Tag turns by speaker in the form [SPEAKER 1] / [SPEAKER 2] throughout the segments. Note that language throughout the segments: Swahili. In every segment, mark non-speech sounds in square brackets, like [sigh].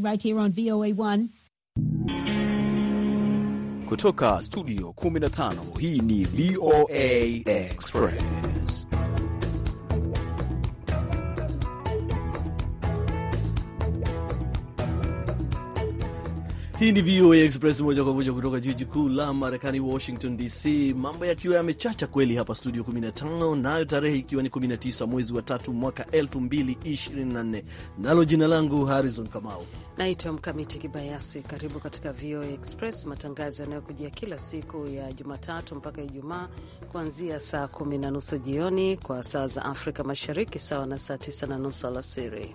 [SPEAKER 1] right here on VOA1
[SPEAKER 2] e kutoka studio 15. Hii ni VOA e Express. Hii ni VOA Express moja kwa moja kutoka jiji kuu la Marekani, Washington DC. Mambo yakiwa yamechacha kweli hapa studio 15, nayo tarehe ikiwa ni 19 mwezi wa tatu mwaka 2024. Nalo jina langu Harrison Kamau,
[SPEAKER 1] naitwa Mkamiti Kibayasi. Karibu katika VOA Express, matangazo yanayokujia kila siku ya Jumatatu mpaka Ijumaa kuanzia saa kumi na nusu jioni kwa saa za Afrika Mashariki, sawa na saa tisa na nusu alasiri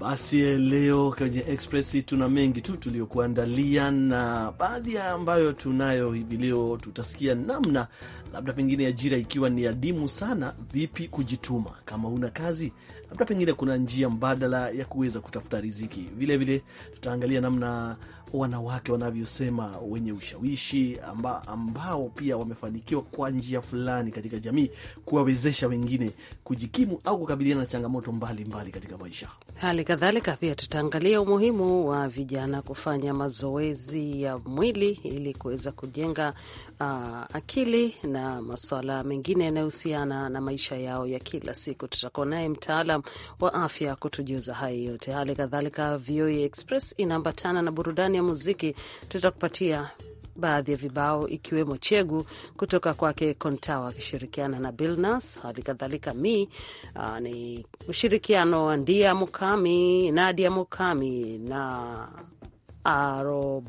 [SPEAKER 2] basi eh, leo kwenye Express tuna mengi tu tuliyokuandalia, na baadhi ya ambayo tunayo hivi leo, tutasikia namna labda pengine ajira ikiwa ni adimu sana, vipi kujituma kama una kazi, labda pengine kuna njia mbadala ya kuweza kutafuta riziki. Vilevile tutaangalia namna wanawake wanavyosema wenye ushawishi amba, ambao pia wamefanikiwa kwa njia fulani katika jamii kuwawezesha wengine kujikimu au kukabiliana na changamoto mbalimbali mbali katika maisha.
[SPEAKER 1] Hali kadhalika pia tutaangalia umuhimu wa vijana kufanya mazoezi ya mwili ili kuweza kujenga uh, akili na masuala mengine yanayohusiana na maisha yao ya kila siku. Tutakuwa naye mtaalam wa afya kutujuza haya yote. Hali kadhalika VOA e Express inaambatana na burudani ya muziki tutakupatia baadhi ya vibao ikiwemo chegu kutoka kwake Kontawa akishirikiana na Bilnas. hali kadhalika mi uh, ni ushirikiano wa Ndia Mukami, Nadia Mukami na Arob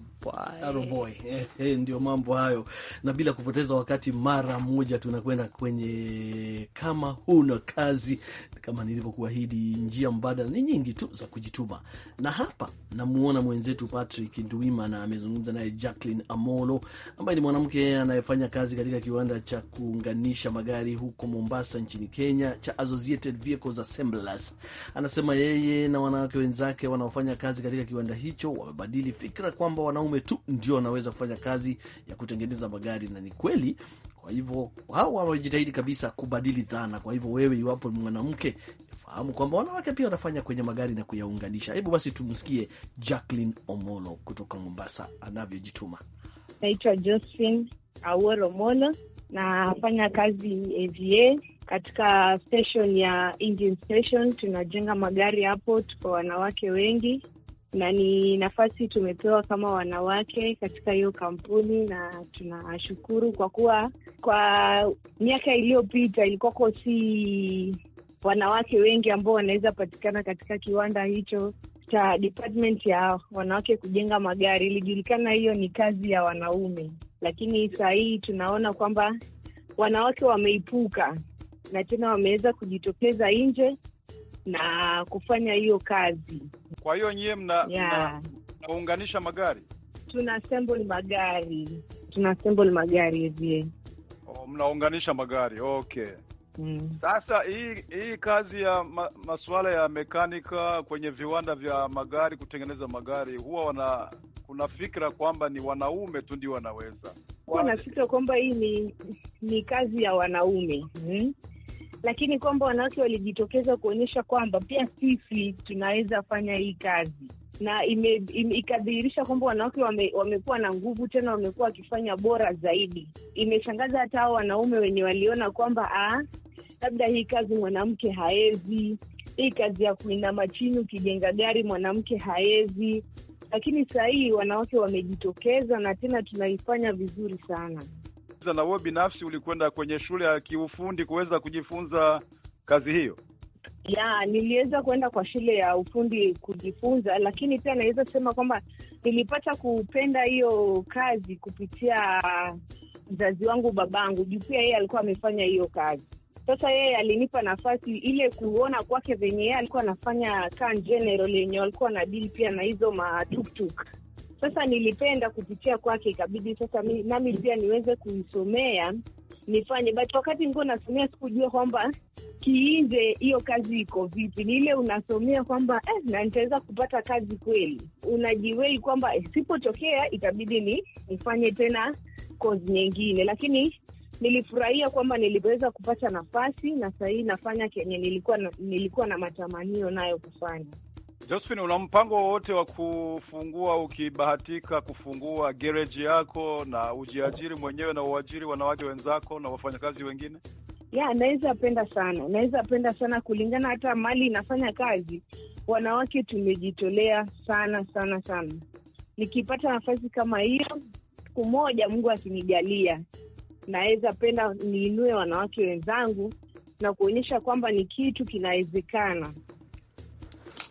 [SPEAKER 1] Aroboy,
[SPEAKER 2] eh, eh, ndio mambo hayo. Na bila kupoteza wakati, mara moja tunakwenda kwenye kama huna kazi. Kama nilivyokuahidi, njia mbadala ni nyingi tu za kujituma, na hapa namuona mwenzetu Patrick Nduima na amezungumza naye Jacqueline Amolo ambaye ni mwanamke anayefanya kazi katika kiwanda cha kuunganisha magari huko Mombasa nchini Kenya cha Associated Vehicles Assemblers. Anasema yeye na wanawake wenzake wanaofanya kazi katika kiwanda hicho wamebadili fikra kwamba wanaume wanaume tu ndio wanaweza kufanya kazi ya kutengeneza magari, na ni kweli. Kwa hivyo hao wamejitahidi kabisa kubadili dhana. Kwa hivyo wewe, iwapo mwanamke, fahamu kwamba wanawake pia wanafanya kwenye magari na kuyaunganisha. Hebu basi tumsikie Jacqueline Omolo kutoka Mombasa anavyojituma.
[SPEAKER 3] Naitwa Josephine Aworo Omolo, nafanya kazi AVA katika station ya station. Tunajenga magari hapo, tuko wanawake wengi na ni nafasi tumepewa kama wanawake katika hiyo kampuni, na tunashukuru kwa kuwa kwa miaka iliyopita ilikuwako si wanawake wengi ambao wanaweza patikana katika kiwanda hicho cha department ya wanawake kujenga magari. Ilijulikana hiyo ni kazi ya wanaume, lakini saa hii tunaona kwamba wanawake wameipuka na tena wameweza kujitokeza nje na kufanya hiyo kazi. Kwa hiyo nyie mna, yeah. mnaunganisha magari? Tuna assemble magari, tuna assemble magari hivi.
[SPEAKER 4] Oh, mnaunganisha magari okay. Mm. Sasa hii hii kazi ya ma, masuala ya mekanika kwenye viwanda vya magari kutengeneza magari huwa wana kuna fikra kwamba ni wanaume tu ndio wanaweza.
[SPEAKER 3] Huwa nafikira kwamba hii ni ni kazi ya wanaume. Mm lakini kwamba wanawake walijitokeza kuonyesha kwamba pia sisi tunaweza fanya hii kazi na ime, ime, ikadhihirisha kwamba wanawake wame, wamekuwa na nguvu tena, wamekuwa wakifanya bora zaidi. Imeshangaza hata hao wanaume wenye waliona kwamba ah, labda hii kazi mwanamke haezi, hii kazi ya kuinama chini ukijenga gari mwanamke haezi, lakini sahii wanawake wamejitokeza na tena tunaifanya vizuri sana
[SPEAKER 4] na wewe binafsi ulikwenda kwenye shule ya kiufundi kuweza kujifunza kazi hiyo?
[SPEAKER 3] Ya, niliweza kwenda kwa shule ya ufundi kujifunza, lakini pia naweza sema kwamba nilipata kupenda hiyo kazi kupitia mzazi wangu, babangu, juu pia yeye alikuwa amefanya hiyo kazi. Sasa yeye alinipa nafasi ile kuona kwake venye yeye alikuwa anafanya kaa general yenye walikuwa na dili pia na hizo matuktuk sasa nilipenda kupitia kwake, ikabidi sasa mi, nami pia niweze kuisomea nifanye, but wakati nikuwa nasomea sikujua kwamba kiinje hiyo kazi iko vipi. Ni ile unasomea kwamba eh, na nitaweza kupata kazi kweli, unajiwei kwamba isipotokea eh, itabidi ni nifanye tena kozi nyingine, lakini nilifurahia kwamba niliweza kupata nafasi na sahii nafanya kenye nilikuwa na, nilikuwa na matamanio nayo kufanya.
[SPEAKER 4] Josephine, una mpango wowote wa kufungua, ukibahatika kufungua gereji yako na ujiajiri mwenyewe na uajiri wanawake wenzako na wafanyakazi wengine?
[SPEAKER 3] ya naweza penda sana, naweza penda sana kulingana hata mali inafanya kazi. Wanawake tumejitolea sana sana sana. Nikipata nafasi kama hiyo siku moja, Mungu akinijalia, naweza penda niinue wanawake wenzangu na kuonyesha kwamba ni kitu kinawezekana.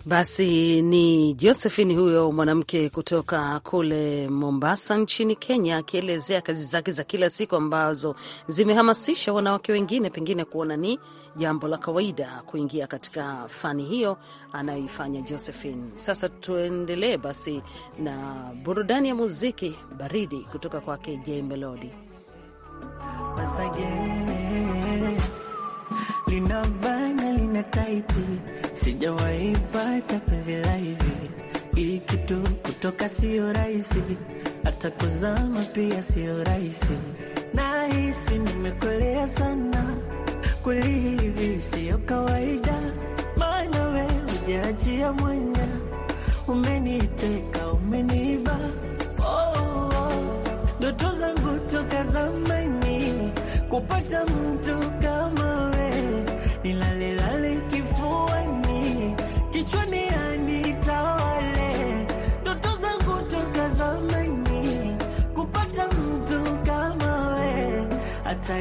[SPEAKER 1] Basi ni Josephine huyo mwanamke kutoka kule Mombasa nchini Kenya, akielezea kazi zake za kila siku ambazo zimehamasisha wanawake wengine, pengine kuona ni jambo la kawaida kuingia katika fani hiyo anayoifanya Josephine. Sasa tuendelee basi na burudani ya muziki baridi kutoka kwake J Melody
[SPEAKER 5] na taiti, sijawahi pata penzi la hivi. Hii kitu kutoka siyo rahisi, hata kuzama pia siyo rahisi. Nahisi nimekolea sana, hivi siyo kawaida, maana we ujaachia mwanya, umeniteka umeniiba. Ndoto oh, oh, zangu toka zamani kupata mtu kama kichwani anitawale, ndoto zangu toka zamani, kupata mtu kama we, hata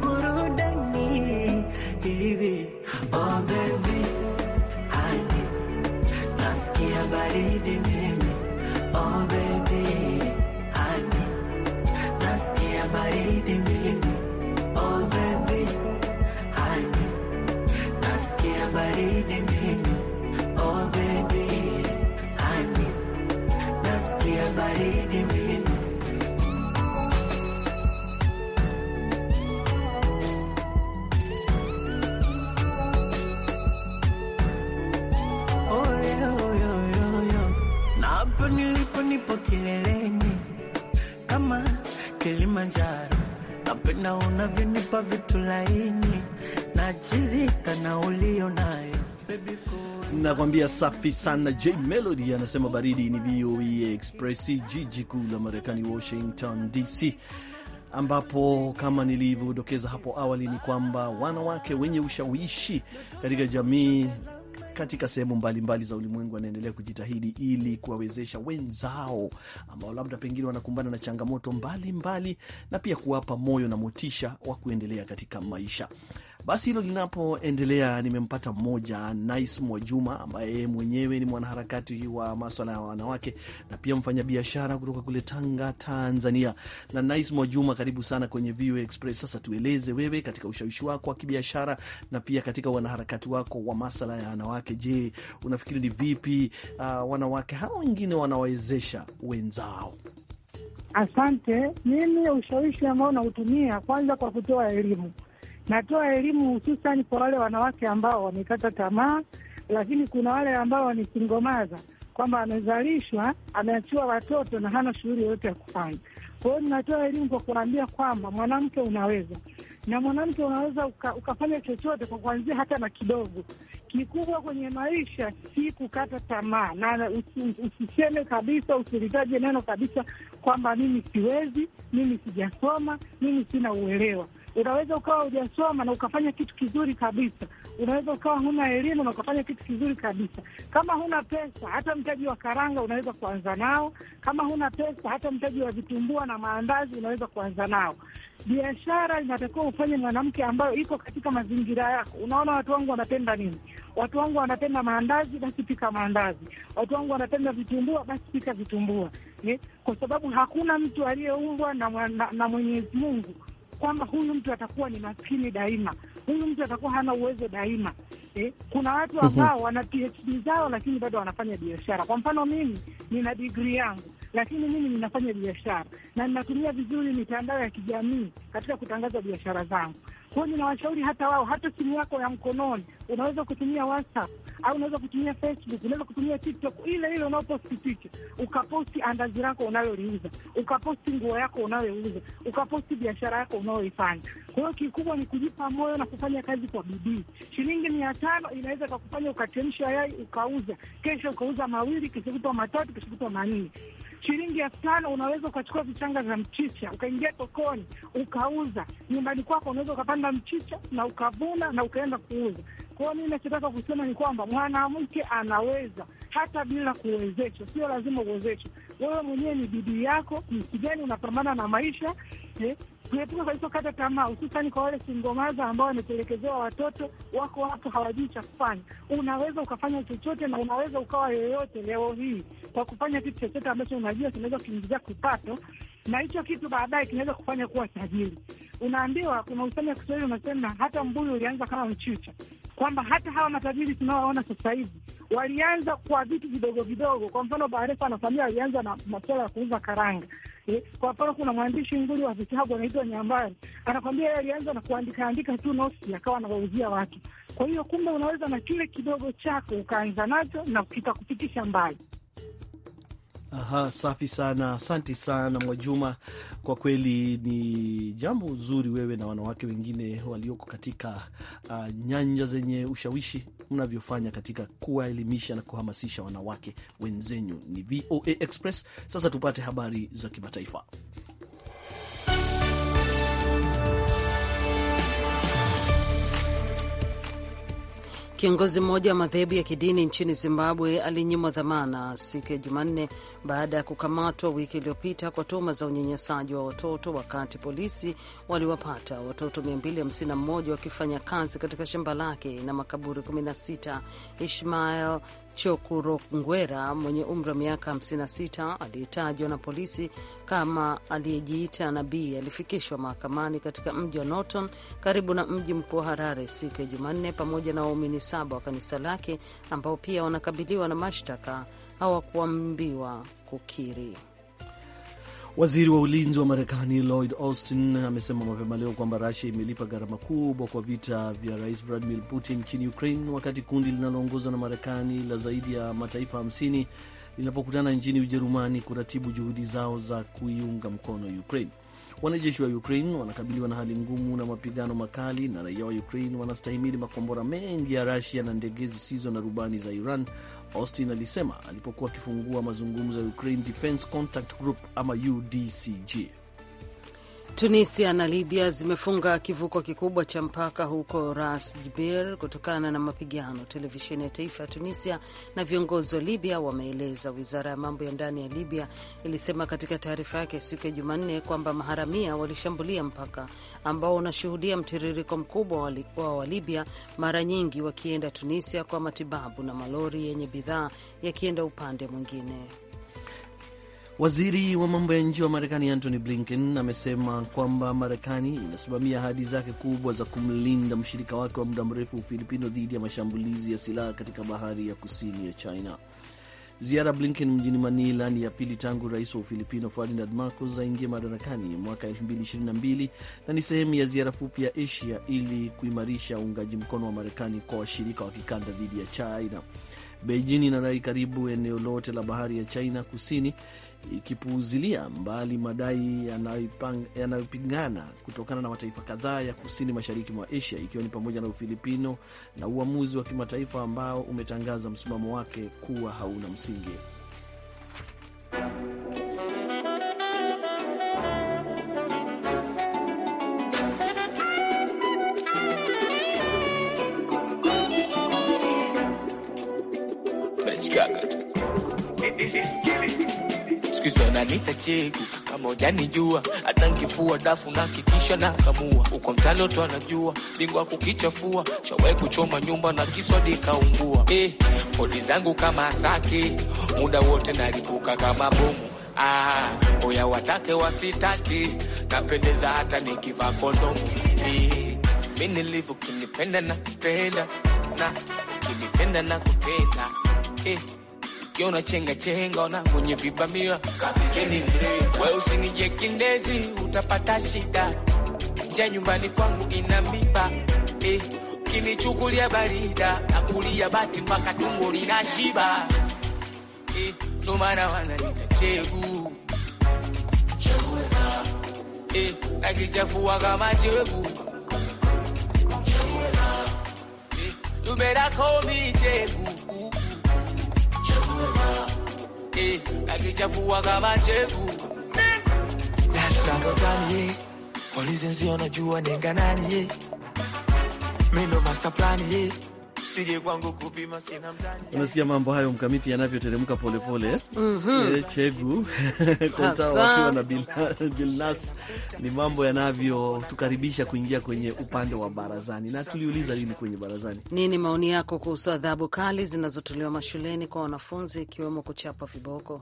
[SPEAKER 5] burudani hivi. Oh baby, hani nasikia baridi mimi. Oh baby, hani nasikia baridi kileleni kama Kilimanjaro, napenda unavyonipa vitu laini na
[SPEAKER 2] chizika na ulio nayo baby Nakwambia safi sana. J Melody anasema baridi ni VOA e Express, jiji kuu la Marekani, Washington DC, ambapo kama nilivyodokeza hapo awali ni kwamba wanawake wenye ushawishi katika jamii katika sehemu mbalimbali za ulimwengu wanaendelea kujitahidi ili kuwawezesha wenzao ambao labda pengine wanakumbana na changamoto mbalimbali mbali, na pia kuwapa moyo na motisha wa kuendelea katika maisha. Basi hilo linapoendelea, nimempata mmoja Nice Mwajuma ambaye yeye mwenyewe ni mwanaharakati wa maswala ya wanawake na pia mfanyabiashara kutoka kule Tanga, Tanzania. Na Nice Mwajuma, karibu sana kwenye VOA Express. Sasa tueleze wewe, katika ushawishi wako wa kibiashara na pia katika wanaharakati wako wa masala ya wanawake, je, unafikiri ni vipi uh, wanawake hawa wengine wanawawezesha wenzao?
[SPEAKER 6] Asante. Mimi ushawishi ambao nautumia kwanza kwa kutoa elimu Natoa elimu hususani kwa wale wanawake ambao wamekata tamaa, lakini kuna wale ambao ni singomaza kwamba amezalishwa ameachiwa watoto na hana shughuli yoyote ya kufanya. Kwa hiyo ninatoa elimu kwa kuambia kwamba mwanamke unaweza, na mwanamke unaweza uka, ukafanya chochote kwa kuanzia hata na kidogo. Kikubwa kwenye maisha si kukata tamaa, na usiseme kabisa, usilitaje neno kabisa kwamba mimi siwezi, mimi sijasoma, mimi sina uelewa. Unaweza ukawa hujasoma na ukafanya kitu kizuri kabisa. Unaweza ukawa huna elimu na ukafanya kitu kizuri kabisa. Kama huna pesa, hata mtaji wa karanga unaweza kuanza nao. Kama huna pesa, hata mtaji wa vitumbua na maandazi unaweza kuanza nao. Biashara inatakiwa ufanye mwanamke ambayo iko katika mazingira yako. Unaona, watu wangu wanapenda nini? Watu wangu wanapenda maandazi, basi pika maandazi. Watu wangu wanapenda vitumbua, basi pika vitumbua, kwa sababu hakuna mtu aliyeumbwa na, na, na Mwenyezi Mungu kwamba huyu mtu atakuwa ni maskini daima, huyu mtu atakuwa hana uwezo daima. Eh, kuna watu mhm. ambao wana PhD zao lakini bado wanafanya biashara. Kwa mfano mimi nina digri yangu, lakini mimi ninafanya biashara na ninatumia vizuri mitandao ya kijamii katika kutangaza biashara zangu. Kwa hiyo ninawashauri hata wao, hata simu yako ya mkononi unaweza kutumia WhatsApp au unaweza kutumia Facebook, unaweza kutumia TikTok ile ile unaoposti picha, ukaposti andazi lako unaloliuza, ukaposti nguo yako unayoiuza, ukaposti biashara yako unayoifanya. Kwa hiyo kikubwa ni kujipa moyo na kufanya kazi kwa bidii. Shilingi mia tano inaweza kakufanya ukachemsha yai ukauza, kesho ukauza mawili, kesho kutwa matatu, kesho kutwa manne. Shilingi elfu tano unaweza ukachukua vichanga vya mchicha ukaingia sokoni ukauza. Nyumbani kwako unaweza ukapanda mchicha na ukavuna na ukaenda kuuza. Kwa mimi nachotaka kusema ni kwamba mwanamke anaweza hata bila kuwezeshwa, sio lazima uwezeshwe. Wewe mwenyewe ni bidii yako, jinsi gani unapambana na maisha eh? Tuepuke kabisa kata tamaa, hususani kwa wale singomaza ambao wametelekezewa watoto wako hapo, hawajui cha kufanya. Unaweza ukafanya chochote na unaweza ukawa yoyote leo hii kwa kufanya kitu chochote ambacho unajua kinaweza kuingizia kipato, na hicho kitu baadaye kinaweza kufanya kuwa tajiri. Unaambiwa, kuna usemi wa Kiswahili unasema hata mbuyu ulianza kama mchicha kwamba hata hawa matajiri tunaoona sasa hivi walianza kwa vitu vidogo vidogo. Kwa mfano, Barefa anafamia alianza na masuala ya kuuza karanga e. Kwa mfano, kuna mwandishi nguli wa vitabu anaitwa Nyambari, anakwambia yeye alianza na kuandika andika tu nosi, akawa anawauzia watu. Kwa hiyo, kumbe unaweza na kile kidogo chako ukaanza nacho na kitakupitisha mbali.
[SPEAKER 2] Aha, safi sana, asante sana Mwajuma, kwa kweli ni jambo zuri wewe na wanawake wengine walioko katika uh, nyanja zenye ushawishi mnavyofanya katika kuwaelimisha na kuhamasisha wanawake wenzenyu. Ni VOA Express. Sasa tupate habari za kimataifa.
[SPEAKER 1] Kiongozi mmoja wa madhehebu ya kidini nchini Zimbabwe alinyimwa dhamana siku ya Jumanne baada ya kukamatwa wiki iliyopita kwa tuhuma za unyanyasaji wa watoto, wakati polisi waliwapata watoto 251 wakifanya kazi katika shamba lake na makaburi 16. Ishmael Chokurongwera mwenye umri wa miaka 56 aliyetajwa na polisi kama aliyejiita nabii alifikishwa mahakamani katika mji wa Norton karibu na mji mkuu wa Harare siku ya Jumanne pamoja na waumini saba wa kanisa lake ambao pia wanakabiliwa na mashtaka hawakuambiwa kukiri.
[SPEAKER 2] Waziri wa ulinzi wa Marekani Lloyd Austin amesema mapema leo kwamba Rusia imelipa gharama kubwa kwa vita vya Rais Vladimir Putin nchini Ukraine, wakati kundi linaloongozwa na Marekani la zaidi ya mataifa 50 linapokutana nchini Ujerumani kuratibu juhudi zao za kuiunga mkono Ukraine. Wanajeshi wa Ukraine wanakabiliwa na hali ngumu na mapigano makali, na raia wa Ukraine wanastahimili makombora mengi ya Rasia na ndege zisizo na rubani za Iran, Austin alisema alipokuwa akifungua mazungumzo ya Ukraine Defense Contact Group ama UDCG.
[SPEAKER 1] Tunisia na Libya zimefunga kivuko kikubwa cha mpaka huko Ras Jibir kutokana na mapigano, televisheni ya taifa ya Tunisia na viongozi wa Libya wameeleza. Wizara ya mambo ya ndani ya Libya ilisema katika taarifa yake siku ya Jumanne kwamba maharamia walishambulia mpaka ambao unashuhudia mtiririko mkubwa wa Walibya, mara nyingi wakienda Tunisia kwa matibabu na malori yenye bidhaa yakienda upande mwingine.
[SPEAKER 2] Waziri wa mambo ya nje wa Marekani Antony Blinken amesema kwamba Marekani inasimamia ahadi zake kubwa za kumlinda mshirika wake wa muda mrefu Ufilipino dhidi ya mashambulizi ya silaha katika bahari ya kusini ya China. Ziara Blinken mjini Manila ni ya pili tangu rais wa Ufilipino Ferdinand Marcos aingie madarakani mwaka 2022 na ni sehemu ya ziara fupi ya Asia ili kuimarisha uungaji mkono wa Marekani kwa washirika wa kikanda dhidi ya China. Beijing inadai karibu eneo lote la bahari ya China kusini ikipuuzilia mbali madai yanayopingana kutokana na mataifa kadhaa ya kusini mashariki mwa Asia ikiwa ni pamoja na Ufilipino na uamuzi wa kimataifa ambao umetangaza msimamo wake kuwa hauna msingi.
[SPEAKER 7] hizo nanita chegu kama ujanijua, hata nkifua dafu na kikisha na kamua uko mtani, watu anajua bingwa kukichafua, chawe kuchoma nyumba na kiswadi kaungua. Eh, kodi zangu kama asaki, muda wote nalipuka kama bomu. Ah, oya watake wasitaki, napendeza hata nikivaa kondomu. Eh, Mi nilivyo kinipenda na kupenda na kinitenda na kupenda eh ukiona chenga chenga ona kwenye vibamia kapikeni wewe, usinije kindezi utapata shida. Nja nyumbani kwangu ina mimba eh, kinichukulia barida akulia bati mpaka tumbo linashiba eh, ndo maana wananiita chegu eh, nakichafua kama chegu eh, lumelako michegu akichafua kama chegu polisi nzio najua nenga nani mindo master plan
[SPEAKER 2] Unasikia mambo hayo mkamiti yanavyoteremka polepole. mm -hmm. chegu [laughs] konta wakiwa na [laughs] Bilnas ni mambo yanavyotukaribisha kuingia kwenye upande wa barazani, na tuliuliza nini kwenye barazani?
[SPEAKER 1] Nini maoni yako kuhusu adhabu kali zinazotolewa mashuleni kwa wanafunzi ikiwemo kuchapa viboko?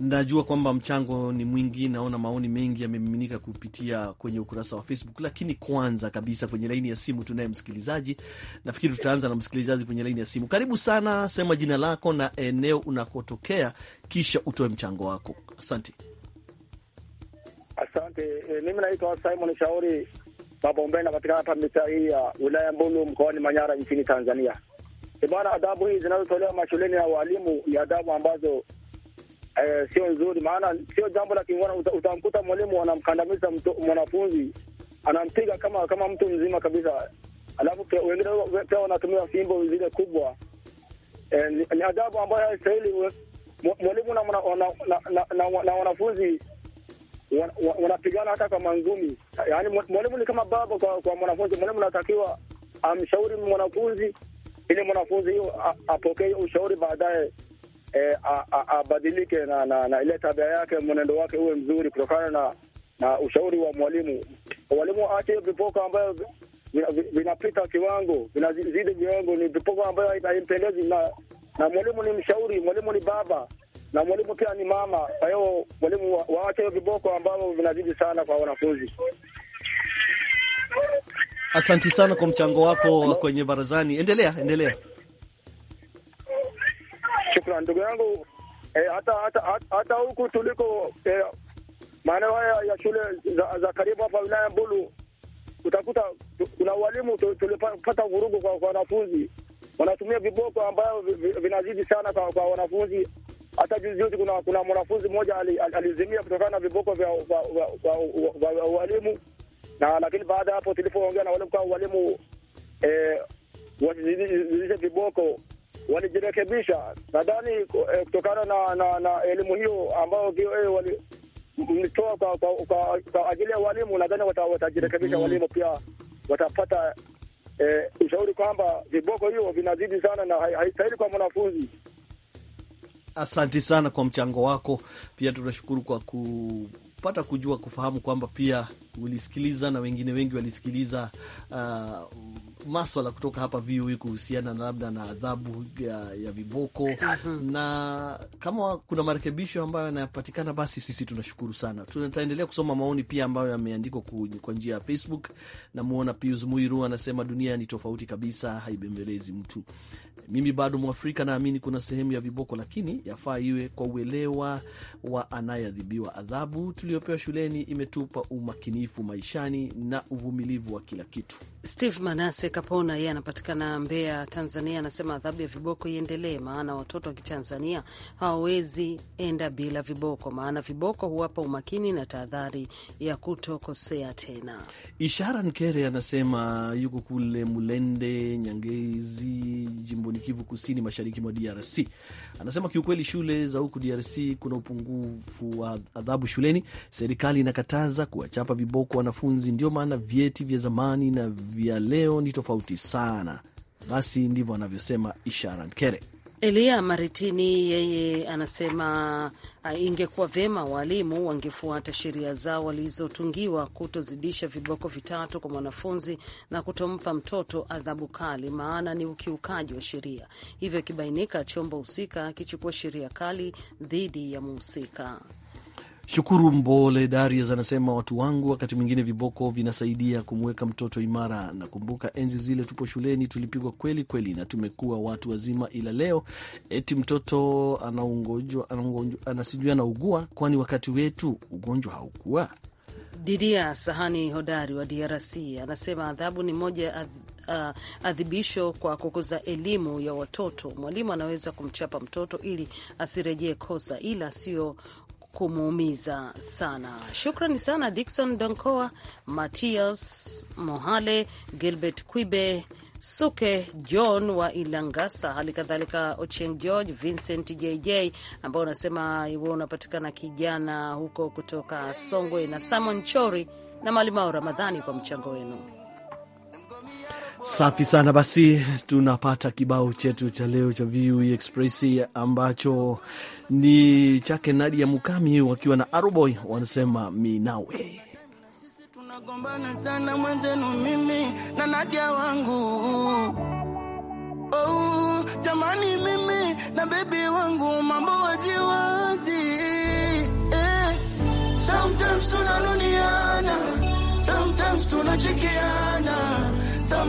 [SPEAKER 2] Najua kwamba mchango ni mwingi, naona maoni mengi yamemiminika kupitia kwenye ukurasa wa Facebook, lakini kwanza kabisa kwenye laini ya simu tunaye msikilizaji. Nafikiri tutaanza na msikilizaji kwenye laini ya simu. Karibu sana, sema jina lako na eneo unakotokea, kisha utoe mchango wako. Asante.
[SPEAKER 4] Asante. E, mimi naitwa Simon Shauri mabombe napatikana hapa mitaa hii ya wilaya Mbulu mkoani Manyara nchini Tanzania. Ibara, e, adhabu hii zinazotolewa mashuleni ya walimu ni adhabu ambazo eh, sio nzuri, maana sio jambo la kingwana. utamkuta mwalimu anamkandamiza mwanafunzi anampiga kama kama mtu mzima kabisa, alafu wengine pia wanatumia fimbo zile kubwa. Eh, ni, ni adabu ambayo haistahili mwalimu na, na, na, na, na, na wanafunzi wanapigana wana hata kwa mangumi. Yaani mwalimu ni kama baba kwa, kwa mwanafunzi. Mwalimu anatakiwa amshauri mwanafunzi ili mwanafunzi hiyo apokee ushauri baadaye e, abadilike na, na, na ile tabia yake, mwenendo wake uwe mzuri kutokana na, na ushauri wa mwalimu. Walimu aache vipoko ambayo vinapita kiwango, vinazidi viwango. Ni vipoko ambayo haimpendezi na, na mwalimu ni mshauri, mwalimu ni baba na mwalimu pia ni mama. Kwa hiyo mwalimu waache hiyo viboko ambavyo vinazidi sana kwa wanafunzi.
[SPEAKER 2] Asanti sana kwa mchango wako kwenye barazani. Endelea, endelea
[SPEAKER 4] ndugu yangu eh, hata hata huku tuliko eh, maeneo haya ya shule za, za karibu hapa wilaya Mbulu utakuta kuna walimu tulipata vurugu kwa, kwa wanafunzi wanatumia viboko ambayo vinazidi sana kwa, kwa wanafunzi. Hata juzi juzi kuna kuna mwanafunzi mmoja alizimia kutokana na viboko vya walimu, na lakini baada ya hapo tulipoongea na wale kwa walimu eh, wasizidishe viboko walijirekebisha. Nadhani eh, kutokana na, na, na elimu hiyo ambayo VOA wali mlitoa kwa, kwa, kwa, kwa ajili ya walimu, nadhani watajirekebisha mm. Walimu pia watapata eh, ushauri kwamba viboko hiyo vinazidi sana na haistahili kwa mwanafunzi.
[SPEAKER 2] Asanti sana kwa mchango wako, pia tunashukuru kwa kupata kujua kufahamu kwamba pia ulisikiliza na wengine wengi walisikiliza uh, maswala kutoka hapa VOA e kuhusiana labda na adhabu ya, ya viboko mm -hmm. na kama kuna marekebisho ambayo yanapatikana, basi sisi tunashukuru sana. Tutaendelea kusoma maoni pia ambayo yameandikwa kwa njia ya Facebook. Namwona Pius Muiru anasema dunia ni tofauti kabisa, haibembelezi mtu. Mimi bado Mwafrika, naamini kuna sehemu ya viboko, lakini yafaa iwe kwa uelewa wa anayeadhibiwa. Adhabu tuliyopewa shuleni imetupa umakinifu maishani na uvumilivu wa kila kitu.
[SPEAKER 1] Steve Manase Kapona yeye anapatikana Mbeya, Tanzania, anasema adhabu ya viboko iendelee, maana watoto wa Kitanzania hawawezi enda bila viboko, maana viboko huwapa umakini na tahadhari ya kutokosea tena.
[SPEAKER 2] Ishara Nkere anasema yuko kule Mulende, Nyangezi, jimboni Kivu Kusini, mashariki mwa DRC. Anasema kiukweli shule za huku DRC kuna upungufu wa adhabu shuleni, serikali inakataza kuwachapa viboko wanafunzi, ndio maana vyeti vya zamani na vya leo ni tofauti sana. Basi ndivyo anavyosema Ishara Nkere.
[SPEAKER 1] Elia Maritini yeye anasema ah, ingekuwa vyema walimu wangefuata sheria zao walizotungiwa, kutozidisha viboko vitatu kwa mwanafunzi na kutompa mtoto adhabu kali, maana ni ukiukaji wa sheria. Hivyo ikibainika chombo husika kichukua sheria kali dhidi ya mhusika.
[SPEAKER 2] Shukuru Mbole Darius anasema watu wangu, wakati mwingine viboko vinasaidia kumweka mtoto imara. Nakumbuka enzi zile tupo shuleni tulipigwa kweli kweli, na tumekuwa watu wazima, ila leo eti mtoto anaungojwa, anaungojwa, anasijui anaugua. Kwani wakati wetu ugonjwa haukuwa.
[SPEAKER 1] Didia Sahani hodari wa DRC anasema adhabu ni moja ya Uh, adhibisho kwa kukuza elimu ya watoto. Mwalimu anaweza kumchapa mtoto ili asirejee kosa, ila sio kumuumiza sana. Shukrani sana Dikson Donkoa, Matias Mohale, Gilbert Quibe Suke John wa Ilangasa, hali kadhalika Ochieng George, Vincent JJ ambao unasema iwo unapatikana kijana huko kutoka Songwe, na Samon Chori na Malimao Ramadhani kwa mchango wenu.
[SPEAKER 2] Safi sana basi, tunapata kibao chetu cha leo cha Vue Express ambacho ni chake Nadia Mukami wakiwa na Aroboy, wanasema minawe
[SPEAKER 5] wangu. Oh, eh, sometimes tunachekeana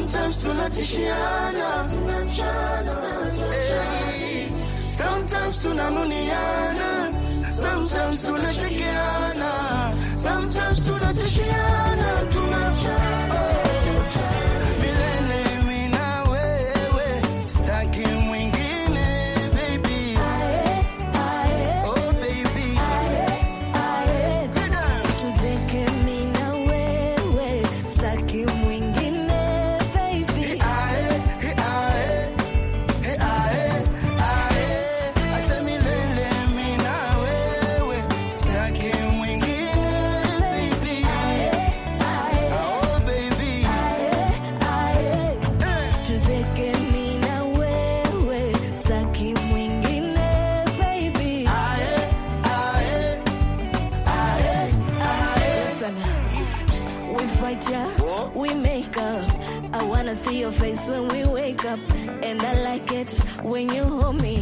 [SPEAKER 5] Sometimes tunatishiana, tunachana, hey. Sometimes tunanuniana, sometimes tunachekeana, sometimes tunatishiana, tunachana, tunachana. whiter, Whoa. we make up. I wanna see your face when we wake up, and I like it when you hold me.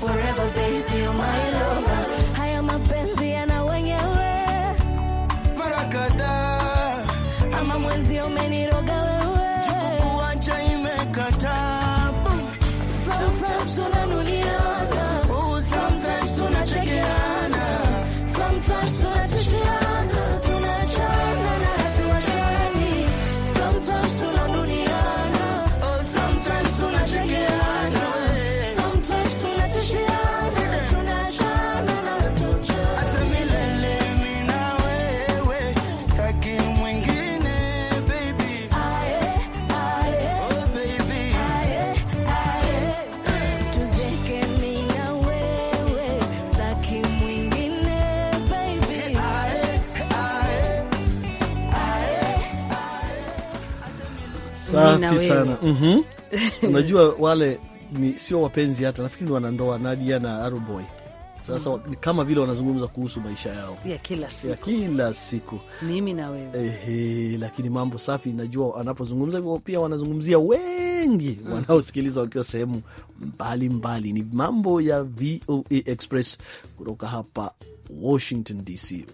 [SPEAKER 5] Forever, baby, you're my lover. I am a and Haya mapenzi yana wenyewe, mara kadhaa ama mwenzi umeniro
[SPEAKER 1] safi sana mm -hmm. [laughs]
[SPEAKER 2] Unajua wale ni sio wapenzi hata nafikiri wanandoa Nadia na Aruboy sasa mm Kama vile wanazungumza kuhusu maisha yao
[SPEAKER 1] ya kila siku, ya
[SPEAKER 2] kila siku.
[SPEAKER 1] Mimi na wewe
[SPEAKER 2] ehe, lakini mambo safi. Najua anapozungumza hivyo pia wanazungumzia wengi mm. wanaosikiliza wakiwa sehemu mbalimbali. Ni mambo ya VOA Express kutoka hapa Washington DC.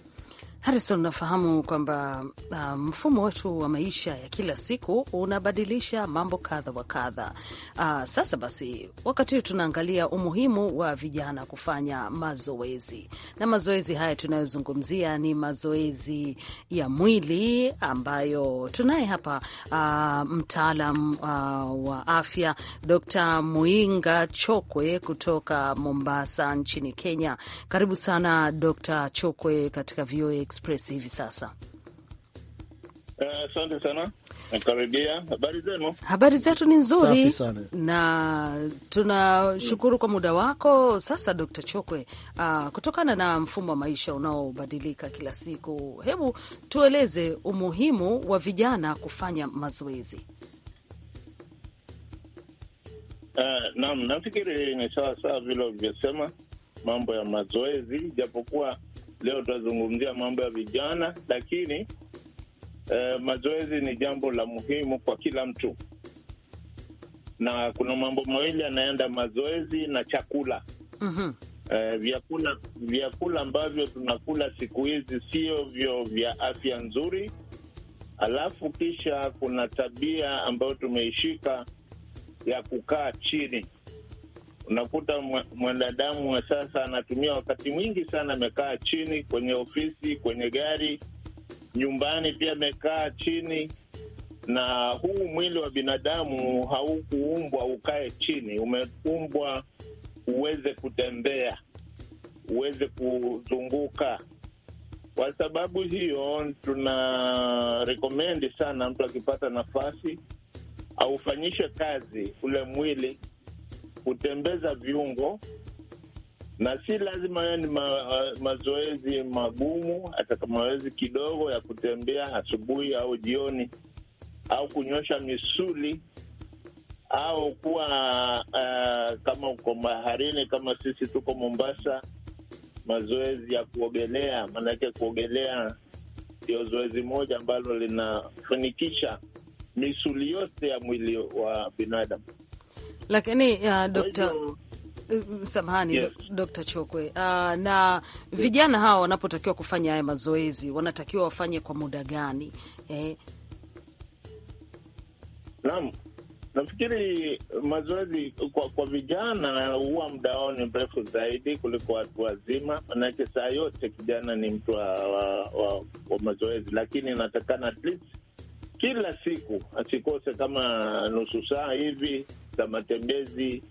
[SPEAKER 1] Harison, unafahamu kwamba uh, mfumo wetu wa maisha ya kila siku unabadilisha mambo kadha wa kadha. Uh, sasa basi, wakati huu tunaangalia umuhimu wa vijana kufanya mazoezi, na mazoezi haya tunayozungumzia ni mazoezi ya mwili ambayo tunaye hapa uh, mtaalam uh, wa afya Dr. Muinga Chokwe kutoka Mombasa nchini Kenya. Karibu sana Dr. Chokwe katika VOA Express hivi sasa.
[SPEAKER 8] Eh, asante uh, sana nakaribia. Habari zenu?
[SPEAKER 1] Habari zetu ni nzuri na tunashukuru kwa muda wako. Sasa Dkt. Chokwe, uh, kutokana na mfumo wa maisha unaobadilika kila siku, hebu tueleze umuhimu wa vijana kufanya mazoezi.
[SPEAKER 8] Uh, naam, nafikiri ni sawasawa vile ulivyosema mambo ya mazoezi, japokuwa Leo tutazungumzia mambo ya vijana, lakini eh, mazoezi ni jambo la muhimu kwa kila mtu, na kuna mambo mawili yanaenda: mazoezi na chakula. mm -hmm. Eh, vyakula vyakula ambavyo tunakula siku hizi sio vyo vya afya nzuri. Alafu kisha kuna tabia ambayo tumeishika ya kukaa chini unakuta mwanadamu wa sasa anatumia wakati mwingi sana amekaa chini, kwenye ofisi, kwenye gari, nyumbani pia amekaa chini. Na huu mwili wa binadamu haukuumbwa ukae chini, umeumbwa uweze kutembea, uweze kuzunguka. Kwa sababu hiyo, tuna rekomendi sana mtu akipata nafasi aufanyishe kazi ule mwili kutembeza viungo, na si lazima yawe ni ma, uh, mazoezi magumu, hata kama mazoezi kidogo ya kutembea asubuhi au jioni, au kunyosha misuli au kuwa uh, kama uko baharini, kama sisi tuko Mombasa, mazoezi ya kuogelea. Maanake kuogelea ndio zoezi moja ambalo linafanikisha misuli yote ya mwili wa binadamu.
[SPEAKER 1] Lakini uh, dokta mm, samahani, yes. Dr. Chokwe uh, na vijana hawa wanapotakiwa kufanya haya mazoezi wanatakiwa wafanye kwa muda gani eh?
[SPEAKER 8] Naam, nafikiri mazoezi kwa, kwa vijana huwa muda wao ni mrefu zaidi kuliko watu wazima, manake saa yote kijana ni mtu wa, wa, wa, wa mazoezi, lakini inatakana at least kila siku asikose kama nusu saa hivi za matembezi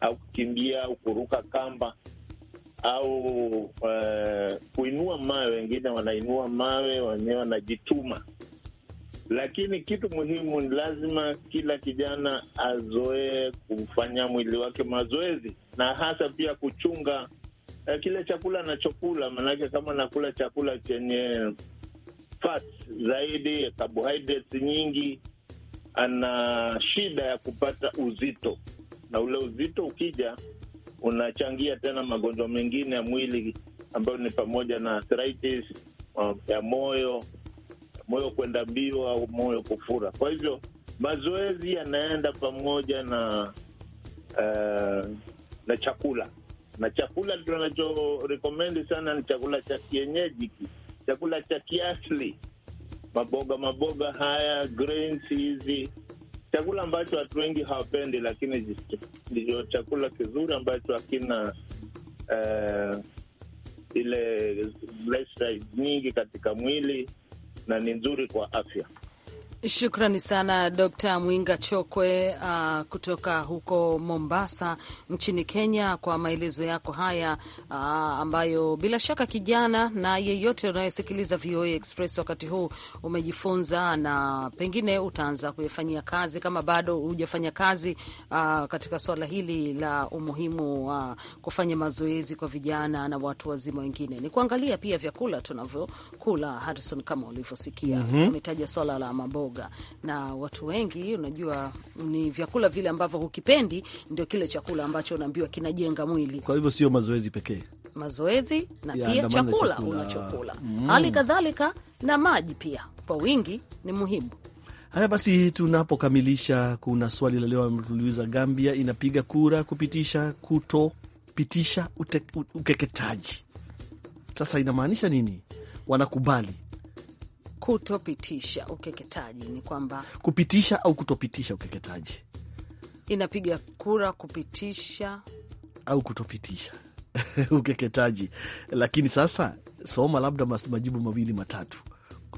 [SPEAKER 8] au kukimbia au kuruka kamba au uh, kuinua mawe. Wengine wanainua mawe, wenyewe wanajituma, lakini kitu muhimu ni lazima kila kijana azoee kufanya mwili wake mazoezi na hasa pia kuchunga uh, kile chakula anachokula, maanake kama anakula chakula chenye fat zaidi, carbohydrates nyingi, ana shida ya kupata uzito, na ule uzito ukija unachangia tena magonjwa mengine ya mwili ambayo ni pamoja na arthritis ya moyo, moyo kwenda mbio au moyo kufura. Kwa hivyo mazoezi yanaenda pamoja na uh, na chakula, na chakula tunachorekomendi sana ni chakula cha kienyeji chakula cha kiasli maboga maboga haya hizi, chakula ambacho watu wengi hawapendi, lakini ndio chakula kizuri ambacho hakina uh, ile nyingi katika mwili na ni nzuri kwa afya.
[SPEAKER 1] Shukrani sana Dr Mwinga Chokwe uh, kutoka huko Mombasa nchini Kenya kwa maelezo yako haya uh, ambayo bila shaka kijana na yeyote unayesikiliza VOA Express wakati huu umejifunza na pengine utaanza kuyafanyia kazi kama bado hujafanya kazi uh, katika swala hili la umuhimu wa uh, kufanya mazoezi kwa vijana na watu wazima wengine, ni kuangalia pia vyakula tunavyokula, Harrison, kama ulivyosikia mhm. umetaja mm -hmm. swala la mambo mboga, na watu wengi, unajua ni vyakula vile ambavyo hukipendi, ndio kile chakula ambacho unaambiwa kinajenga mwili.
[SPEAKER 2] Kwa hivyo sio mazoezi pekee,
[SPEAKER 1] mazoezi na ya, pia chakula, unachokula unachokula mm. hali kadhalika na maji pia kwa wingi ni muhimu.
[SPEAKER 2] Haya basi, tunapokamilisha, kuna swali la leo ametuliuliza, Gambia inapiga kura kupitisha kutopitisha ukeketaji. Sasa inamaanisha nini? Wanakubali
[SPEAKER 1] kutopitisha ukeketaji ni kwamba
[SPEAKER 2] kupitisha au kutopitisha ukeketaji,
[SPEAKER 1] inapiga kura kupitisha
[SPEAKER 2] au kutopitisha [laughs] ukeketaji. Lakini sasa soma labda majibu mawili matatu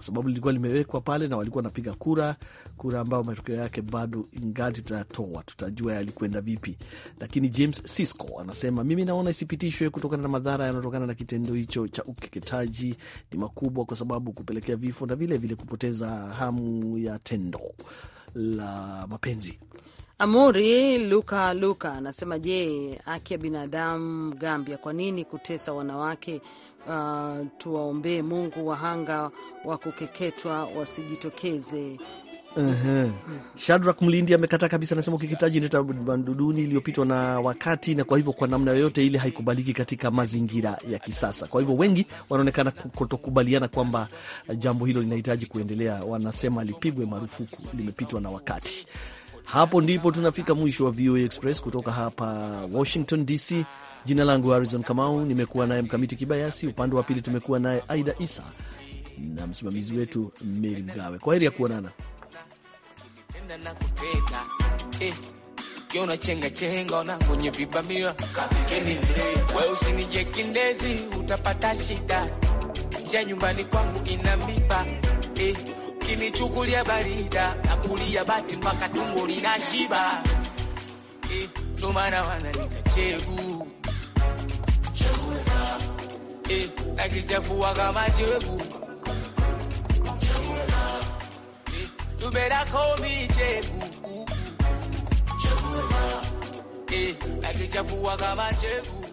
[SPEAKER 2] kwa sababu lilikuwa limewekwa pale na walikuwa wanapiga kura, kura ambayo matokeo yake bado ingali tutayatoa, tutajua yalikwenda vipi. Lakini James sisco anasema mimi naona isipitishwe kutokana na madhara yanayotokana na kitendo hicho cha ukeketaji, ni makubwa kwa sababu kupelekea vifo na vilevile kupoteza hamu ya tendo la mapenzi.
[SPEAKER 1] Amuri Luka Luka anasema je, haki ya binadamu Gambia, kwa nini kutesa wanawake? Uh, tuwaombee Mungu wahanga wa kukeketwa wasijitokeze.
[SPEAKER 2] Uhum. Mm. Shadrack Mlindi amekata kabisa, anasema ukeketaji ni tamaduni iliyopitwa na wakati, na kwa hivyo kwa namna yoyote ile haikubaliki katika mazingira ya kisasa. Kwa hivyo wengi wanaonekana kutokubaliana kwamba jambo hilo linahitaji kuendelea. Wanasema lipigwe marufuku, limepitwa na wakati. Hapo ndipo tunafika mwisho wa VOA Express kutoka hapa Washington DC. Jina langu Harrison Kamau, nimekuwa naye Mkamiti Kibayasi, upande wa pili tumekuwa naye Aida Isa na msimamizi wetu Meri Mgawe. Kwa heri ya kuonana.
[SPEAKER 7] Eh, chenga chenga kwenye usinije kindezi utapata shida. nyumbani kwangu eh ukinichukulia barida na kulia bati mpaka tumbo linashiba eh, ndo maana wananiita chegu eh, nakichafua kama chegu eh, dume chegu eh, nakichafua kama chegu